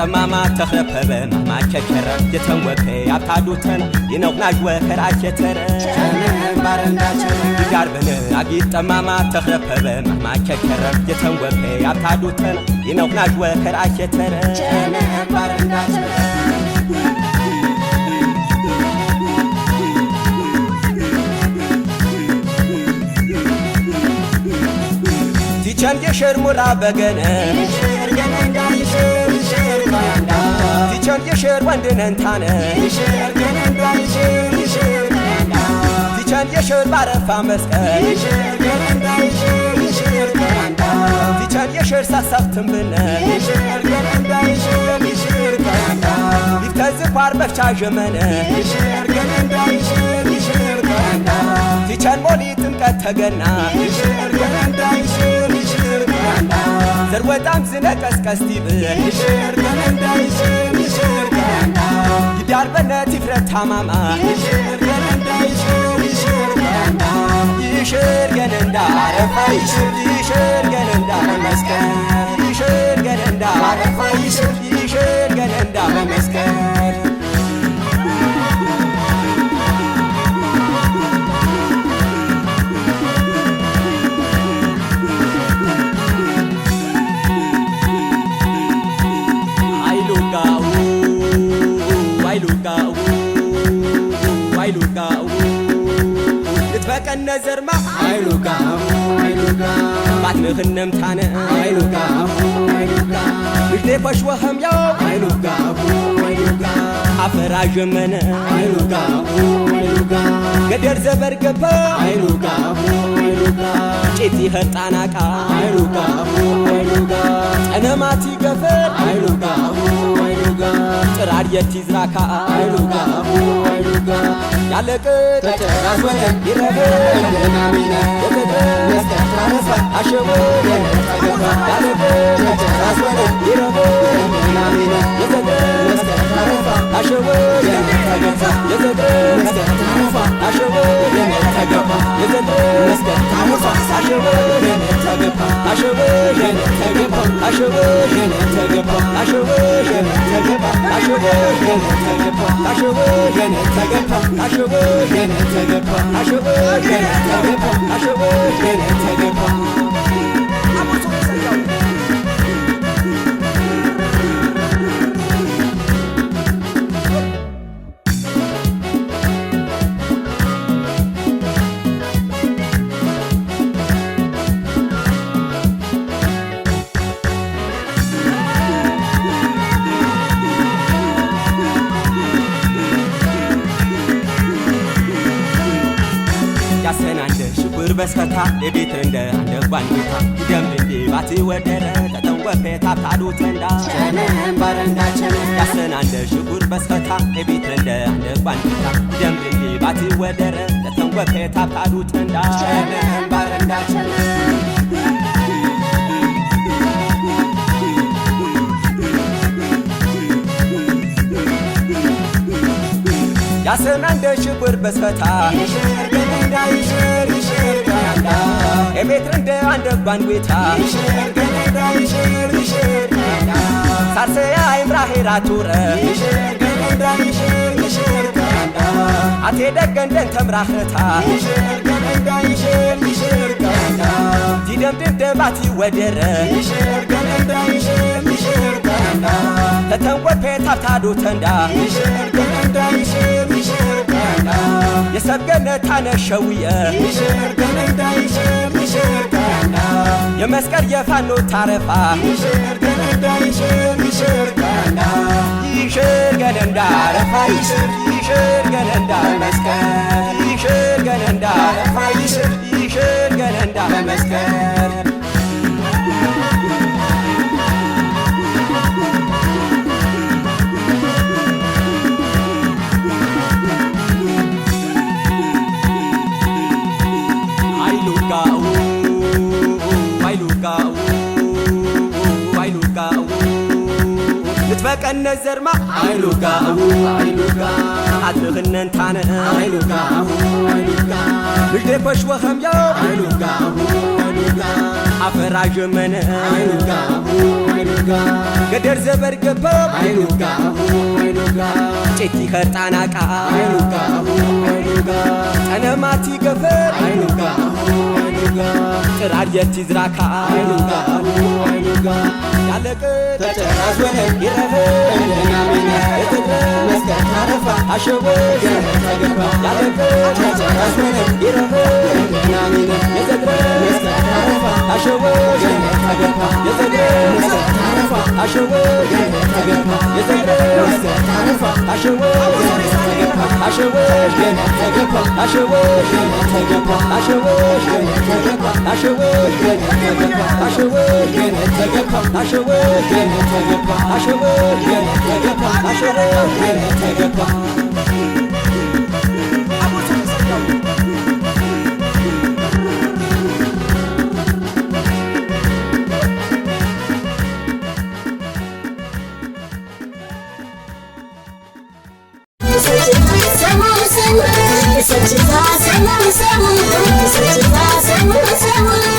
ጠማማ ተኸፈበ ማማቸቸረ የተወከ አታዱተን የነቁናጅወ ከራቸተረ ባረንዳቸረ ይጋርበነ አጊ ጠማማ ተኸፈበ ማማቸቸረ የተወከ አታዱተን የነቁናጅወ ከራቸተረ ባረንዳቸረ ቲቸንጀ ሸርሙራ በገነ ቸር የሸር ወንድነን ታነ የሸር ባረፋ መስቀል ቲቸን የሸር ሳሳብ ትንብነ ይፍተዝ ኳር በፍቻ ዠመነ ሞሊ ጥምቀት ተገና ዘርወጣም ዝነቀስቀስቲ ይዳር በነት ይፍረት ታማማ ይሽር ገን እንዳ አረፋ ይሽር ገን እንዳ መስቀል ይሽር ገን እንዳ አረፋ ይሽር ንህነምታነ አይኑጋ ልዴ ፓሽዋኸም ያው አይኑጋ አፈራ ዠመነ አይኑጋ ገደር ዘበር ገባ አይኑጋ ጭቲ ኸጣናቃ አይኑጋ ጠነማቲ ገፈር አይኑጋ ጥራድ የቲ ዝራካ አይኑጋ ያለቅጥ አሸበ ተገባ ያሰናንደ ሽኩር በስከታ የቤት እንደ አንደጓን ቤታ ይደምድንዴ ባቲ ወደረ ከተንወፌ ታብታሉ ተንዳ ጨነን ባረንዳ ጨነን ያሰናንደ ሽብር በስከታ የቤት እንደ አንደጓን ቤታ ይደምድንዴ ባቲ ወደረ ከተንወፌ ታብታሉ ተንዳ ጨነን ባረንዳ ጨነን ያሰና እንደ ሽብር በስፈታ ኤሜትር እንደ አንደባን ጌታ ሳርሰያ ይምራሄራ ቱረ አቴ ደገንደን ተምራኸታ ዲደምድም ደባቲ ወደረ ተተንወፔ ፔታብታዶ ተንዳ የሰብገነት አነሸውየ የመስቀል የፋኖ ታረፋ ይሽር ገነንዳ አረፋ ይሽር ገነንዳ መስቀል ይሽር ገነንዳ አረፋ ይሽር ገነንዳ መስቀል በቀነት ዘርማ አይሉጋ አይሉጋ አድህነን ታነ አይሉጋ አይሉጋ አፈራ ጀመነ ገደር ዘበር ገባ አይሉጋ አይሉጋ ጨቲ ጠነማቲ ገፈር ጭራር የትዝራ ከአይኑ ጋር ያለቅ ተጨራስ ወለ ይረበ መስቀል ታረፋ አሸበ ያለቅ ተጨራስ ወለ ይረበ የዘግረ መስቀል ታረፋ አሸበ የዘግረ መስቀል ታረፋ አሸበ የዘግረ መስቀል ታረፋ አሸበ አሸወሽ ገና ተገባ አሸወሽ ገና ተገባ አሸወሽ ገና ተገባ አሸወሽ ገና ተገባ አሸወሽ ገና ተገባ አሸወሽ ገና ተገባ አሸወሽ ገና ተገባ አሸወሽ ገና ተገባ Satisfação, não estamos, não